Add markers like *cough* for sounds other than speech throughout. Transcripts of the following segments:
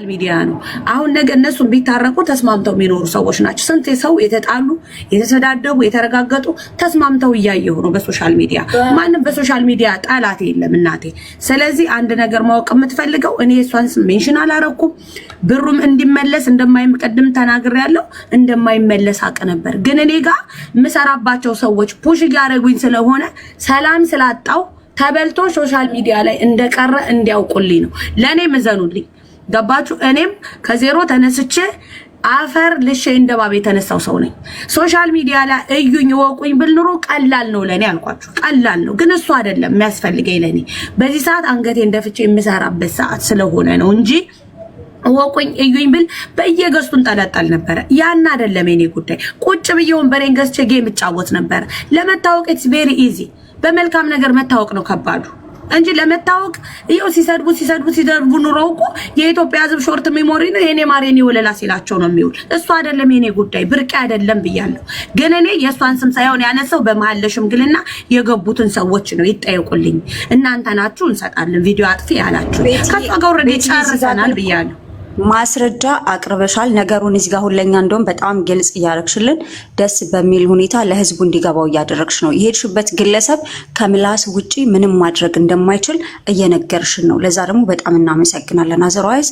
ሶሻል ሚዲያ ነው። አሁን ነገ እነሱ ቢታረቁ ተስማምተው የሚኖሩ ሰዎች ናቸው። ስንት ሰው የተጣሉ፣ የተሰዳደቡ፣ የተረጋገጡ ተስማምተው እያየሁ ነው በሶሻል ሚዲያ። ማንም በሶሻል ሚዲያ ጠላት የለም እናቴ። ስለዚህ አንድ ነገር ማወቅ የምትፈልገው እኔ እሷን ሜንሽን አላረኩም። ብሩም እንዲመለስ እንደማይቀድም ያለው እንደማይመለስ አቅ ነበር፣ ግን እኔ ጋር የምሰራባቸው ሰዎች ፑሽ እያደረጉኝ ስለሆነ ሰላም ስላጣው ተበልቶ ሶሻል ሚዲያ ላይ እንደቀረ እንዲያውቁልኝ ነው። ለእኔ ምዘኑልኝ። ገባችሁ? እኔም ከዜሮ ተነስቼ አፈር ልሼ እንደባብ የተነሳው ሰው ነኝ። ሶሻል ሚዲያ ላይ እዩኝ ወቁኝ ብል ኑሮ ቀላል ነው ለእኔ አልኳችሁ፣ ቀላል ነው። ግን እሱ አይደለም የሚያስፈልገኝ ለእኔ በዚህ ሰዓት አንገቴ እንደፍቼ የምሰራበት ሰዓት ስለሆነ ነው እንጂ ወቁኝ እዩኝ ብል በየገዝቱ እንጠለጠል ነበረ። ያን አይደለም የኔ ጉዳይ። ቁጭ ብዬ ወንበሬን ገዝቼ ጌም እጫወት ነበረ። ለመታወቅ ኢትስ ቬሪ ኢዚ። በመልካም ነገር መታወቅ ነው ከባዱ። እንጂ ለመታወቅ ይኸው ሲሰድቡ ሲሰድቡ ሲደርቡ ኑሮ እኮ የኢትዮጵያ ሕዝብ ሾርት ሜሞሪ ነው። የኔ ማር የኔ ወለላ ሲላቸው ነው የሚውል። እሱ አይደለም የኔ ጉዳይ ብርቅ አይደለም ብያለሁ። ግን እኔ የእሷን ስም ሳይሆን ያነሳው በመሀል ለሽምግልና የገቡትን ሰዎች ነው። ይጠየቁልኝ። እናንተ ናችሁ እንሰጣለን ቪዲዮ አጥፊ ያላችሁ ከሷ ጋር ወረድ ጨርሰናል ብያለሁ። ማስረጃ አቅርበሻል። ነገሩን እዚህ ጋር ሁለኛ እንደውም በጣም ግልጽ እያደረግሽልን ደስ በሚል ሁኔታ ለህዝቡ እንዲገባው እያደረግሽ ነው። የሄድሽበት ግለሰብ ከምላስ ውጪ ምንም ማድረግ እንደማይችል እየነገርሽን ነው። ለዛ ደግሞ በጣም እናመሰግናለን። አዘርዋይዝ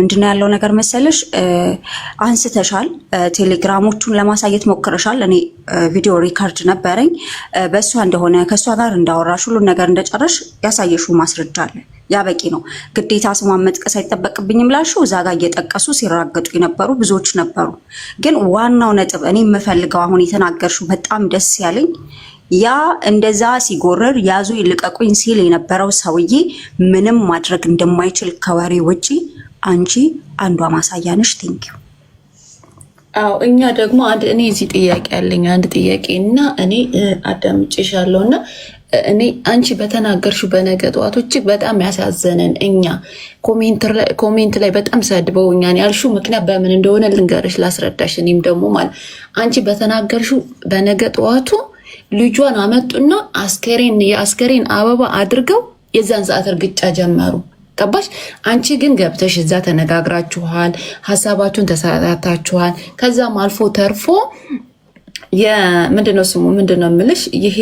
ምንድነው ያለው ነገር መሰለሽ አንስተሻል። ቴሌግራሞቹን ለማሳየት ሞክረሻል። እኔ ቪዲዮ ሪካርድ ነበረኝ በእሷ እንደሆነ ከእሷ ጋር እንዳወራሽ ሁሉን ነገር እንደጨረሽ ያሳየሽው ማስረጃ አለን። ያ በቂ ነው። ግዴታ ስሟን መጥቀስ አይጠበቅብኝም ላልሽው እዛ ጋር እየጠቀሱ ሲራገጡ የነበሩ ብዙዎች ነበሩ። ግን ዋናው ነጥብ እኔ የምፈልገው አሁን የተናገርሽው በጣም ደስ ያለኝ ያ እንደዛ ሲጎረር ያዙ ይልቀቁኝ ሲል የነበረው ሰውዬ ምንም ማድረግ እንደማይችል ከወሬ ውጪ አንቺ አንዷ ማሳያ ነሽ። ቴንኪው። አዎ እኛ ደግሞ እኔ እዚህ ጥያቄ ያለኝ አንድ ጥያቄ እና እኔ አዳምጭሻለሁ እና እኔ አንቺ በተናገርሽው በነገ ጠዋቱ እጅግ በጣም ያሳዘነን እኛ ኮሜንት ላይ በጣም ሰድበው ሰድበውኛን ያልሹ ምክንያት በምን እንደሆነ ልንገርሽ፣ ላስረዳሽ። እኔም ደግሞ ማለት አንቺ በተናገርሽው በነገ ጠዋቱ ልጇን አመጡና አስከሬን የአስከሬን አበባ አድርገው የዛን ሰዓት እርግጫ ጀመሩ። ገባሽ? አንቺ ግን ገብተሽ እዛ ተነጋግራችኋል፣ ሀሳባችሁን ተሰራታችኋል። ከዛም አልፎ ተርፎ ምንድነው ስሙ ምንድነው ምልሽ ይሄ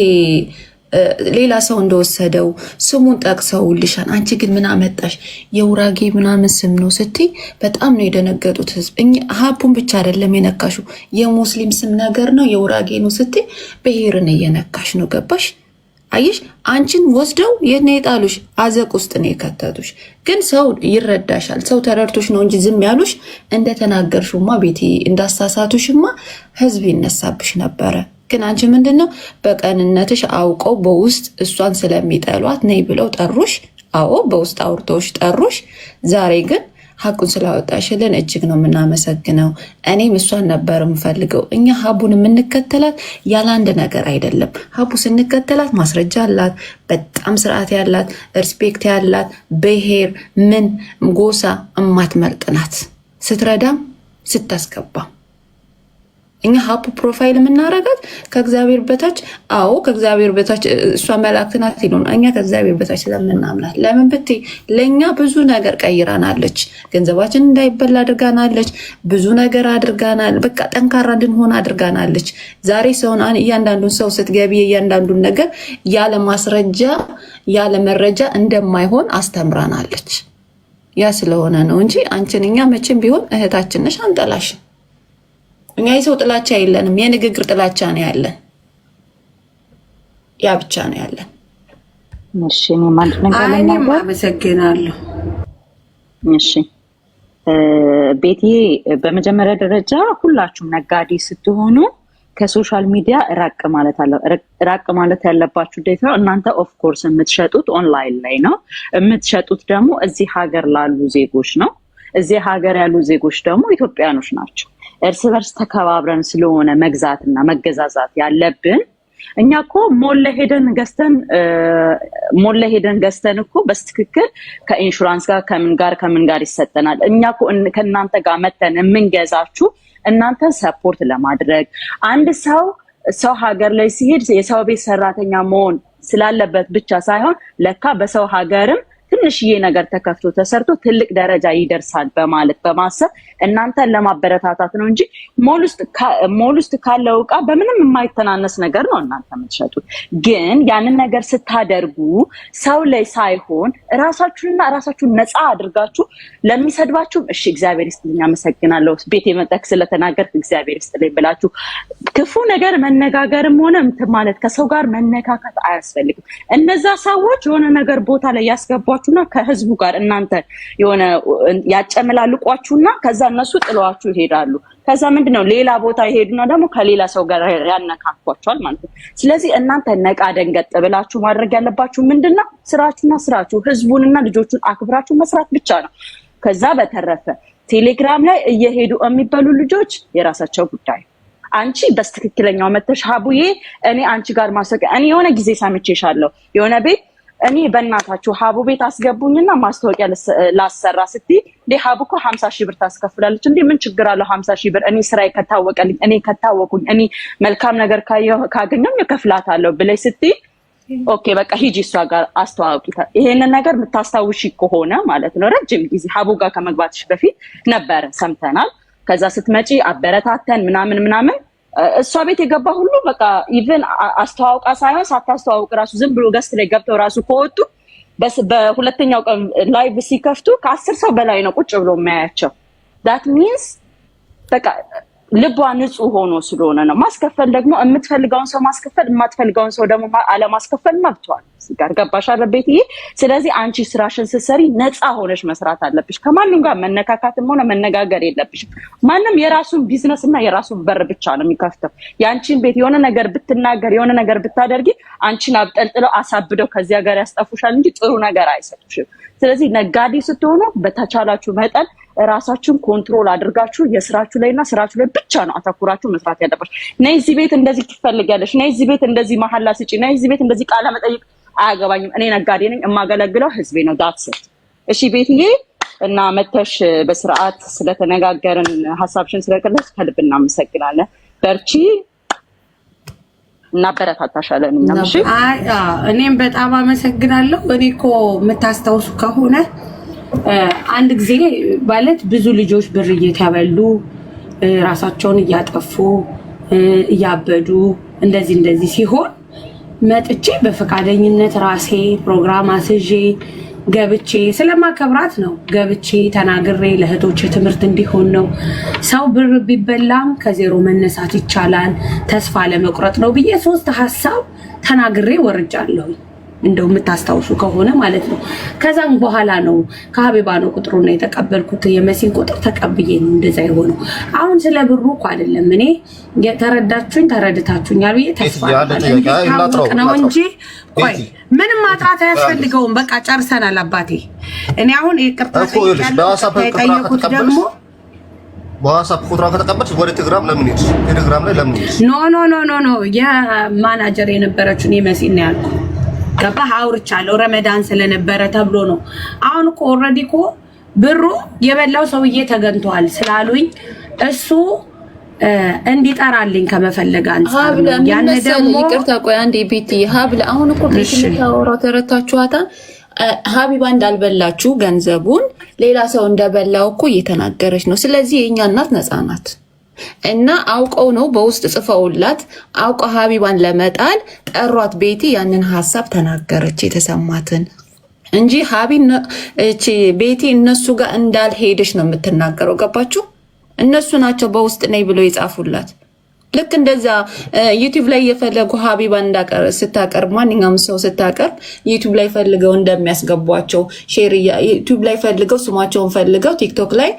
ሌላ ሰው እንደወሰደው ስሙን ጠቅሰውልሻል። አንቺ ግን ምን አመጣሽ? የውራጌ ምናምን ስም ነው ስትይ በጣም ነው የደነገጡት ህዝብ። ሀፑን ብቻ አይደለም የነካሹ የሙስሊም ስም ነገር ነው የውራጌ ነው ስትይ ብሔርን እየነካሽ ነው። ገባሽ? አየሽ? አንቺን ወስደው የኔ የጣሉሽ አዘቅ ውስጥ ነው የከተቱሽ። ግን ሰው ይረዳሻል። ሰው ተረድቶሽ ነው እንጂ ዝም ያሉሽ። እንደተናገርሽማ ቤቴ እንዳሳሳቱሽማ ህዝብ ይነሳብሽ ነበረ። ግን አንቺ ምንድን ነው በቀንነትሽ አውቀው በውስጥ እሷን ስለሚጠሏት ነይ ብለው ጠሩሽ። አዎ በውስጥ አውርተውሽ ጠሩሽ። ዛሬ ግን ሀቁን ስላወጣሽልን እጅግ ነው የምናመሰግነው። እኔም እሷን ነበር የምፈልገው። እኛ ሀቡን የምንከተላት ያለ አንድ ነገር አይደለም። ሀቡ ስንከተላት ማስረጃ አላት፣ በጣም ስርዓት ያላት፣ ሪስፔክት ያላት፣ ብሄር ምን ጎሳ እማትመርጥ ናት። ስትረዳም ስታስገባም እኛ ሀፕ ፕሮፋይል የምናረጋት ከእግዚአብሔር በታች አዎ፣ ከእግዚአብሔር በታች እሷ መላእክት ናት ይሉን፣ እኛ ከእግዚአብሔር በታች ስለምናምናት። ለምን ብትይ ለእኛ ብዙ ነገር ቀይራናለች። ገንዘባችን እንዳይበላ አድርጋናለች። ብዙ ነገር አድርጋናል። በቃ ጠንካራ እንድንሆን አድርጋናለች። ዛሬ ሰውን እያንዳንዱን ሰው ስትገቢ እያንዳንዱን ነገር ያለ ማስረጃ ያለ መረጃ እንደማይሆን አስተምራናለች። ያ ስለሆነ ነው እንጂ አንቺን እኛ መቼም ቢሆን እህታችን ነሽ አንጠላሽን። እኛ የሰው ጥላቻ የለንም። የንግግር ጥላቻ ነው ያለን። ያ ብቻ ነው ያለን። እሺ እኔም አንድ ነገር ልናገር። አመሰግናለሁ። እሺ ቤትዬ፣ በመጀመሪያ ደረጃ ሁላችሁም ነጋዴ ስትሆኑ ከሶሻል ሚዲያ ራቅ ማለት አለ ራቅ ማለት ያለባችሁ ዴታ እናንተ ኦፍ ኮርስ የምትሸጡት ኦንላይን ላይ ነው። የምትሸጡት ደግሞ እዚህ ሀገር ላሉ ዜጎች ነው። እዚህ ሀገር ያሉ ዜጎች ደግሞ ኢትዮጵያኖች ናቸው። እርስ በርስ ተከባብረን ስለሆነ መግዛትና መገዛዛት ያለብን እኛ እኮ ሞለ ሄደን ገዝተን ሞለ ሄደን ገዝተን እኮ በስትክክል ከኢንሹራንስ ጋር ከምን ጋር ከምን ጋር ይሰጠናል። እኛ እኮ ከእናንተ ጋር መተን የምንገዛችሁ እናንተ ሰፖርት ለማድረግ አንድ ሰው ሰው ሀገር ላይ ሲሄድ የሰው ቤት ሰራተኛ መሆን ስላለበት ብቻ ሳይሆን ለካ በሰው ሀገርም ትንሽዬ ነገር ተከፍቶ ተሰርቶ ትልቅ ደረጃ ይደርሳል በማለት በማሰብ እናንተን ለማበረታታት ነው እንጂ ሞል ውስጥ ካለው እቃ በምንም የማይተናነስ ነገር ነው እናንተ የምትሸጡት። ግን ያንን ነገር ስታደርጉ ሰው ላይ ሳይሆን ራሳችሁንና ራሳችሁን ነፃ አድርጋችሁ ለሚሰድባችሁም እሺ እግዚአብሔር ይስጥልኝ አመሰግናለሁ ቤት የመጠክ ስለተናገር እግዚአብሔር ይስጥልኝ ብላችሁ ክፉ ነገር መነጋገርም ሆነ ማለት ከሰው ጋር መነካካት አያስፈልግም። እነዛ ሰዎች የሆነ ነገር ቦታ ላይ ያስገቧችሁ ያደርጓችሁና ከህዝቡ ጋር እናንተ የሆነ ያጨመላልቋችሁና ከዛ እነሱ ጥለዋችሁ ይሄዳሉ። ከዛ ምንድን ነው ሌላ ቦታ ይሄዱና ደግሞ ከሌላ ሰው ጋር ያነካኳቸዋል ማለት ነው። ስለዚህ እናንተ ነቃ ደንገጥ ብላችሁ ማድረግ ያለባችሁ ምንድን ነው ስራችሁና ስራችሁ ህዝቡንና ልጆቹን አክብራችሁ መስራት ብቻ ነው። ከዛ በተረፈ ቴሌግራም ላይ እየሄዱ የሚበሉ ልጆች የራሳቸው ጉዳይ አንቺ በስትክክለኛው መተሽ ሀቡዬ እኔ አንቺ ጋር ማስረቀ እኔ የሆነ ጊዜ ሰምቼሻለሁ የሆነ ቤት እኔ በእናታችሁ ሀቡ ቤት አስገቡኝና ማስታወቂያ ላሰራ ስትይ እንዴ ሀቡ እኮ ሀምሳ ሺህ ብር ታስከፍላለች እንዴ ምን ችግር አለው ሀምሳ ሺህ ብር እኔ ስራዬ ከታወቀልኝ እኔ ከታወቁኝ እኔ መልካም ነገር ካገኘም እከፍላታለሁ ብለሽ ስትይ ኦኬ በቃ ሂጂ እሷ ጋር አስተዋውቂ ይሄንን ነገር የምታስታውሺ ከሆነ ማለት ነው ረጅም ጊዜ ሀቡ ጋር ከመግባትሽ በፊት ነበረ ሰምተናል ከዛ ስትመጪ አበረታተን ምናምን ምናምን እሷ ቤት የገባ ሁሉ በቃ ኢቨን አስተዋውቃ ሳይሆን ሳታስተዋውቅ ራሱ ዝም ብሎ ገስት ላይ ገብተው ራሱ ከወጡ በሁለተኛው ቀን ላይቭ ሲከፍቱ ከአስር ሰው በላይ ነው ቁጭ ብሎ የሚያያቸው ዳት ሚንስ በቃ ልቧ ንጹህ ሆኖ ስለሆነ ነው። ማስከፈል ደግሞ የምትፈልገውን ሰው ማስከፈል፣ የማትፈልገውን ሰው ደግሞ አለማስከፈል መብቷል። ጋር ገባሽ አለቤት ቤትዬ። ስለዚህ አንቺ ስራሽን ስትሰሪ ነፃ ሆነሽ መስራት አለብሽ። ከማንም ጋር መነካካትም ሆነ መነጋገር የለብሽም። ማንም የራሱን ቢዝነስ እና የራሱን በር ብቻ ነው የሚከፍተው። የአንቺን ቤት የሆነ ነገር ብትናገር፣ የሆነ ነገር ብታደርጊ አንቺን አብጠልጥለው አሳብደው ከዚያ ጋር ያስጠፉሻል እንጂ ጥሩ ነገር አይሰጡሽም። ስለዚህ ነጋዴ ስትሆኑ በተቻላችሁ መጠን ራሳችሁን ኮንትሮል አድርጋችሁ የስራችሁ ላይ እና ስራችሁ ላይ ብቻ ነው አተኩራችሁ መስራት ያለባችሁ። ነይ እዚህ ቤት እንደዚህ ትፈልጊያለሽ፣ ነይ እዚህ ቤት እንደዚህ መሀላ ስጪ፣ ነይ እዚህ ቤት እንደዚህ ቃለ መጠይቅ አያገባኝም። እኔ ነጋዴ ነኝ፣ የማገለግለው ህዝቤ ነው። ዳትስት እሺ ቤትዬ እና መተሽ በስርዓት ስለተነጋገርን ሀሳብሽን ስለቀለስ ከልብ እናመሰግናለን። በርቺ እናበረታታሻለን። እኛም እኔም በጣም አመሰግናለሁ። እኔ እኮ የምታስታውሱ ከሆነ አንድ ጊዜ ማለት ብዙ ልጆች ብር እየተበሉ ራሳቸውን እያጠፉ እያበዱ እንደዚህ እንደዚህ ሲሆን መጥቼ በፈቃደኝነት ራሴ ፕሮግራም አስዤ ገብቼ ስለማከብራት ነው። ገብቼ ተናግሬ ለእህቶች ትምህርት እንዲሆን ነው። ሰው ብር ቢበላም ከዜሮ መነሳት ይቻላል፣ ተስፋ ለመቁረጥ ነው ብዬ ሶስት ሀሳብ ተናግሬ ወርጃለሁኝ። እንደው የምታስታውሱ ከሆነ ማለት ነው። ከዛም በኋላ ነው ከሀቢባ ነው ቁጥሩ ነው የተቀበልኩት የመሲን ቁጥር ተቀብዬ ነው እንደዛ የሆነው። አሁን ስለ ብሩ እኮ አይደለም እኔ የተረዳችሁኝ ተረድታችሁኛል ብዬ ተስፋ ነው እንጂ ቆይ ምንም ማጥራት አያስፈልገውም። በቃ ጨርሰናል አባቴ። እኔ አሁን ይቅርታ ደግሞ በዋትስአፕ ቁጥሯ ከተቀበልሽ ወደ ቴሌግራም ለምን ሄድሽ? ቴሌግራም ላይ ለምን ሄድሽ? ኖ ኖ ኖ ኖ የማናጀር የነበረችን የመሲን ነው ያልኩት። ገባህ? አውርቻለሁ ረመዳን ስለነበረ ተብሎ ነው። አሁን እኮ ኦልሬዲ እኮ ብሩ የበላው ሰውዬ ተገንቷል ስላሉኝ እሱ እንዲጠራልኝ ከመፈለግ አንጻር ይቅርታ፣ ቆይ አንዴ ቤት ሀብለ አሁን እኮ ቤት የምታወራው ተረታችኋታል። ሀቢባ እንዳልበላችሁ ገንዘቡን ሌላ ሰው እንደበላው እኮ እየተናገረች ነው። ስለዚህ የእኛ እናት ነፃ ናት። እና አውቀው ነው በውስጥ ጽፈውላት አውቀ ሀቢባን ለመጣል ጠሯት። ቤቲ ያንን ሀሳብ ተናገረች የተሰማትን እንጂ ሀቢ እቺ ቤቲ እነሱ ጋር እንዳልሄደች ነው የምትናገረው። ገባችሁ? እነሱ ናቸው በውስጥ ነይ ብሎ የጻፉላት። ልክ እንደዛ ዩቲዩብ ላይ የፈለጉ ሀቢባ እንዳቀር ስታቀርብ ማንኛውም ሰው ስታቀርብ ዩቲዩብ ላይ ፈልገው እንደሚያስገቧቸው ሼር ዩቲዩብ ላይ ፈልገው ስማቸውን ፈልገው ቲክቶክ ላይ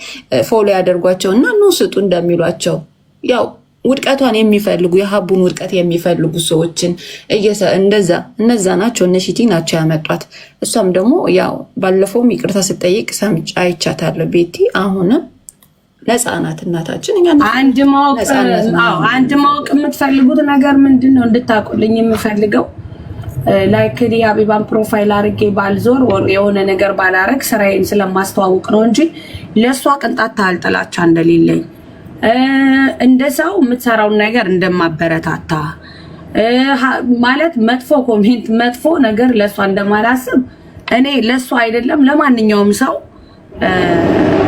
ፎሎ ያደርጓቸው እና ኑ ስጡ እንደሚሏቸው ያው ውድቀቷን የሚፈልጉ የሀቡን ውድቀት የሚፈልጉ ሰዎችን እንደዛ እነዛ ናቸው እነሽቲ ናቸው ያመጧት። እሷም ደግሞ ያው ባለፈውም ይቅርታ ስጠይቅ ሰምጫ አይቻታለሁ ቤቲ አሁንም ለህፃናት እናታችን አንድ ማወቅ አንድ ማወቅ የምትፈልጉት ነገር ምንድን ነው እንድታውቁልኝ የምፈልገው ላይክ አቢባን ፕሮፋይል አድርጌ ባልዞር የሆነ ነገር ባላረግ ስራዬን ስለማስተዋውቅ ነው እንጂ ለእሷ ቅንጣት ታህል ጥላቻ እንደሌለኝ እንደ ሰው የምትሰራውን ነገር እንደማበረታታ ማለት መጥፎ ኮሜንት፣ መጥፎ ነገር ለእሷ እንደማላስብ እኔ ለእሷ አይደለም ለማንኛውም ሰው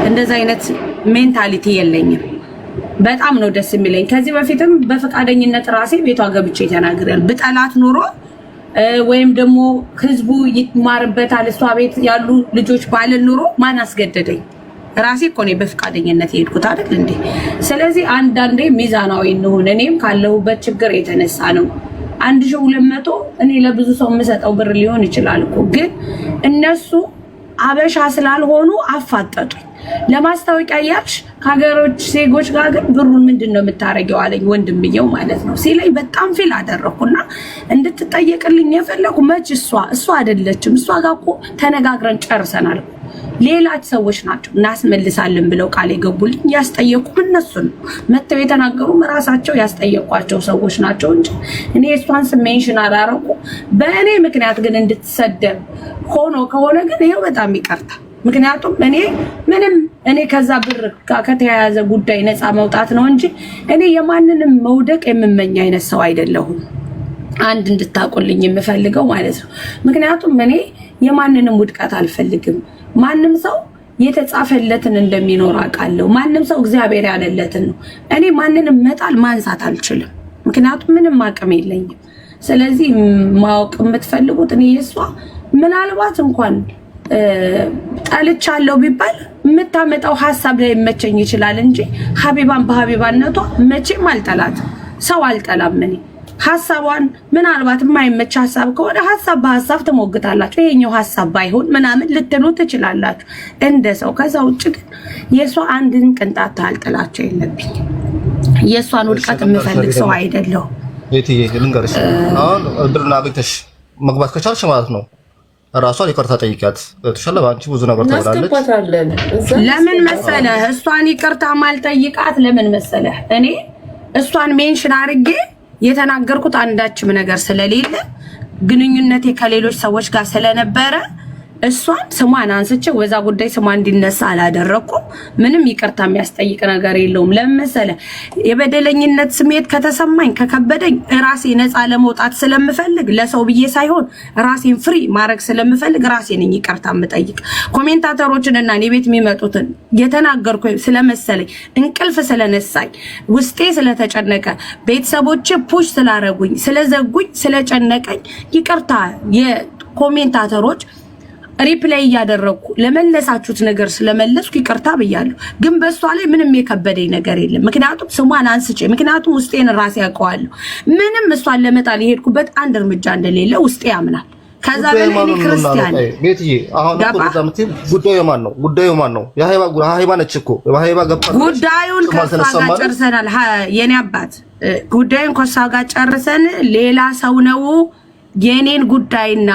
እንደዚ አይነት ሜንታሊቲ የለኝም። በጣም ነው ደስ የሚለኝ። ከዚህ በፊትም በፈቃደኝነት ራሴ ቤቷ ገብቼ ተናግሬያል። ብጠላት ኑሮ ወይም ደግሞ ህዝቡ ይማርበታል እሷ ቤት ያሉ ልጆች ባልን ኑሮ ማን አስገደደኝ? ራሴ እኮ እኔ በፈቃደኝነት የሄድኩት አይደል እንዴ? ስለዚህ አንዳንዴ ሚዛናዊ እንሆን። እኔም ካለሁበት ችግር የተነሳ ነው አንድ ሺህ ሁለት መቶ እኔ ለብዙ ሰው የምሰጠው ብር ሊሆን ይችላል እኮ ግን እነሱ አበሻ ስላልሆኑ አፋጠጡ ለማስታወቂያ ያልሽ ከሀገሮች ዜጎች ጋር ግን ብሩን ምንድን ነው የምታደርጊው አለኝ ወንድምየው ማለት ነው ሲለኝ በጣም ፊል አደረግኩና እንድትጠየቅልኝ የፈለጉ መች እሷ እሷ አይደለችም እሷ ጋር እኮ ተነጋግረን ጨርሰናል ሌላ ሰዎች ናቸው እናስመልሳለን ብለው ቃል የገቡልኝ ያስጠየቁ እነሱ ነው መጥተው የተናገሩም ራሳቸው ያስጠየቋቸው ሰዎች ናቸው እንጂ እኔ እሷን ስሜንሽን አላረቁ በእኔ ምክንያት ግን እንድትሰደብ ሆኖ ከሆነ ግን ይሄው በጣም ይቀርታል ምክንያቱም እኔ ምንም እኔ ከዛ ብር ጋር ከተያያዘ ጉዳይ ነፃ መውጣት ነው እንጂ እኔ የማንንም መውደቅ የምመኝ አይነት ሰው አይደለሁም። አንድ እንድታቁልኝ የምፈልገው ማለት ነው። ምክንያቱም እኔ የማንንም ውድቀት አልፈልግም። ማንም ሰው የተጻፈለትን እንደሚኖር አውቃለሁ። ማንም ሰው እግዚአብሔር ያለለትን ነው። እኔ ማንንም መጣል ማንሳት አልችልም፣ ምክንያቱም ምንም አቅም የለኝም። ስለዚህ ማወቅ የምትፈልጉት እኔ የእሷ ምናልባት እንኳን ጠልቻለሁ ቢባል የምታመጣው ሀሳብ ላይ መቸኝ ይችላል እንጂ ሀቢባን በሀቢባነቷ መቼም አልጠላት። ሰው አልጠላም። እኔ ሀሳቧን ምናልባት የማይመች ሀሳብ ከሆነ ሀሳብ በሀሳብ ትሞግታላችሁ። ይሄኛው ሀሳብ ባይሆን ምናምን ልትሉ ትችላላችሁ እንደ ሰው። ከዛ ውጭ ግን የእሷ አንድን ቅንጣት አልጥላቸው የለብኝ። የእሷን ውድቀት የምፈልግ ሰው አይደለሁም። ልንገርሽ አሁን እድል አግኝተሽ መግባት ከቻልሽ ማለት ነው ራሷን ይቅርታ ጠይቂያት ትሻለ። በአንቺ ብዙ ነገር ተብላለች። ለምን መሰለህ እሷን ይቅርታ ማልጠይቃት? ለምን መሰለህ እኔ እሷን ሜንሽን አድርጌ የተናገርኩት አንዳችም ነገር ስለሌለ ግንኙነቴ ከሌሎች ሰዎች ጋር ስለነበረ እሷን ስሟን አንስቼ ወዛ ጉዳይ ስሟ እንዲነሳ አላደረኩም። ምንም ይቅርታ የሚያስጠይቅ ነገር የለውም። ለምን መሰለህ? የበደለኝነት ስሜት ከተሰማኝ ከከበደኝ ራሴ ነፃ ለመውጣት ስለምፈልግ ለሰው ብዬ ሳይሆን ራሴን ፍሪ ማድረግ ስለምፈልግ ራሴ ነኝ ይቅርታ የምጠይቅ። ኮሜንታተሮችን እና እኔ ቤት የሚመጡትን የተናገርኩ ስለመሰለኝ እንቅልፍ ስለነሳኝ ውስጤ ስለተጨነቀ ቤተሰቦች ፑሽ ስላረጉኝ ስለዘጉኝ ስለጨነቀኝ ይቅርታ የኮሜንታተሮች ሪፕላይ እያደረግኩ ለመለሳችሁት ነገር ስለመለስኩ ይቅርታ ብያለሁ። ግን በእሷ ላይ ምንም የከበደኝ ነገር የለም። ምክንያቱም ስሟን አንስቼ ምክንያቱም ውስጤን ራሴ ያውቀዋለሁ። ምንም እሷን ለመጣል የሄድኩበት አንድ እርምጃ እንደሌለ ውስጤ ያምናል። ከዛ ክርስቲያን ነው? ጉዳዩ ነው? ነች እኮ ሀይባ ገባ። ጉዳዩን ከእሷ ጋር ጨርሰናል። የኔ አባት ጉዳዩን ከእሷ ጋር ጨርሰን ሌላ ሰው ነው የእኔን ጉዳይና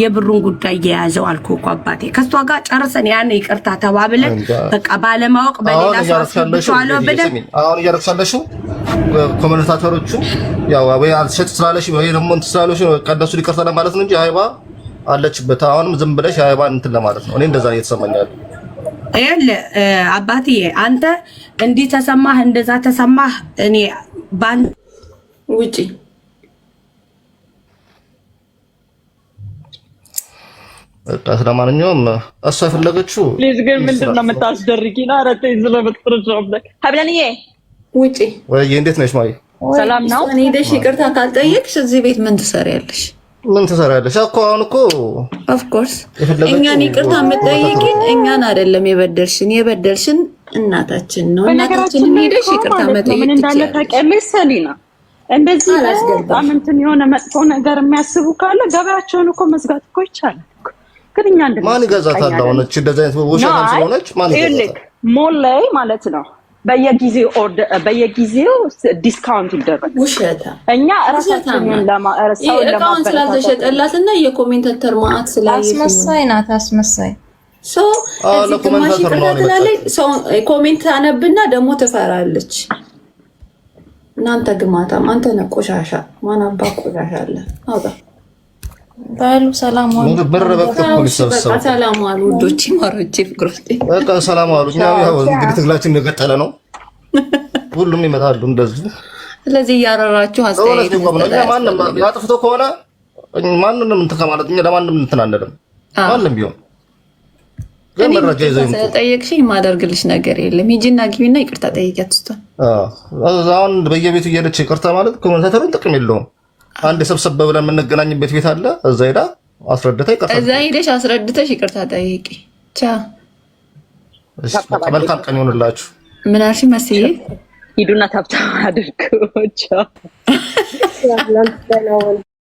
የብሩን ጉዳይ የያዘው አልኩ እኮ አባቴ። ከእሷ ጋር ጨርሰን ያን ይቅርታ ተባብለን በቃ ባለማወቅ በሌላ ሰው አስገብቼዋለሁ ብለን አሁን እያረሳለሹ ኮሜንታተሮቹ ወይ አልሸጥ ስላለሽ ወይ ደግሞ እንትን ስላለሽ ቀደሱ ሊቀርሰለ ማለት ነው እንጂ አይባ አለችበት። አሁንም ዝም ብለሽ አይባ እንትን ለማለት ነው። እኔ እንደዛ ነው የተሰማኛል። ይል አባትዬ፣ አንተ እንዲህ ተሰማህ እንደዛ ተሰማህ እኔ ባን ውጪ በቃ ለማንኛውም እሷ የፈለገችው ፕሊዝ፣ ግን ምንድን ነው የምታስደርጊን? ኧረ ተይ ሀብለንዬ፣ ውጪ ወይ እንዴት ነሽ? ማይ ሰላም ነው። እኔ ሄደሽ ይቅርታ ካልጠየቅሽ እዚህ ቤት ምን ትሰሪያለሽ? ምን ትሰራለሽ እኮ አሁን እኮ ኦፍኮርስ እኛን ይቅርታ የምትጠይቂን እኛን አይደለም የበደልሽን፣ የበደልሽን እናታችን ነው። እናታችን ሄደሽ ይቅርታ መጠየቅ ምን እንዳለ ታውቂያለሽ ሰሊና እንደዚህ በጣም እንትን የሆነ መጥፎ ነገር የሚያስቡ ካለ ገበያቸውን እኮ መዝጋት እኮ ይቻላል። ግን እኛ እንደ ማን ይገዛታል? አሁን እቺ እንደዚህ አይነት ወሸላ ስለሆነች ማን ይገዛታል? ሞል ላይ ማለት ነው በየጊዜው ኦርደር በየጊዜው ዲስካውንት ይደረግ። ውሸታ እኛ ራሳችንን ለማረሳ ለማበረታታት እና የኮሜንተተር ማአት ስላየ አስመሳይ ናት። አስመሳይ ሶ እዚህ ግማሽ ይከታተላለች። ሶ ኮሜንት አነብና ደግሞ ትፈራለች። እናንተ ግማታም፣ አንተ ነህ ቆሻሻ። ማን አባ ቆሻሻ አለ አውጣ በሉ ሰላም ዋሉ። ብር በቃ እኮ ሰላም ዋሉ ውዶቼ፣ ማሮቼ፣ ፍቅሮቼ በቃ ሰላም ዋሉ። እኛ ያው እንግዲህ ትግላችን የቀጠለ ነው። ሁሉም ይመጣሉ እንደዚህ። ስለዚህ እያረራችሁ አስተያየት ማንም አጥፍቶ ከሆነ ማንንም እንትን ከማለት እኛ ለማንም እንትን አንልም። ማንም ቢሆን ግን መረጃ ይዘው ጠየቅሽኝ፣ የማደርግልሽ ነገር የለም። ሂጂና ግቢና ይቅርታ ጠይቂያት። አሁን በየቤቱ እየሄደች ይቅርታ ማለት ኮመንታተሩን ጥቅም የለውም። አንድ ሰብሰብ ብለን የምንገናኝበት ቤት አለ። እዛ ሄዳ አስረድተ ይቀርታል። እዛ ሄደሽ አስረድተሽ ይቅርታ ጠይቂ። ቻ መልካም ቀን ይሆንላችሁ። ምን አልሽ መስዬ? ሂዱና ታብታ አድርጎ ቻ *laughs*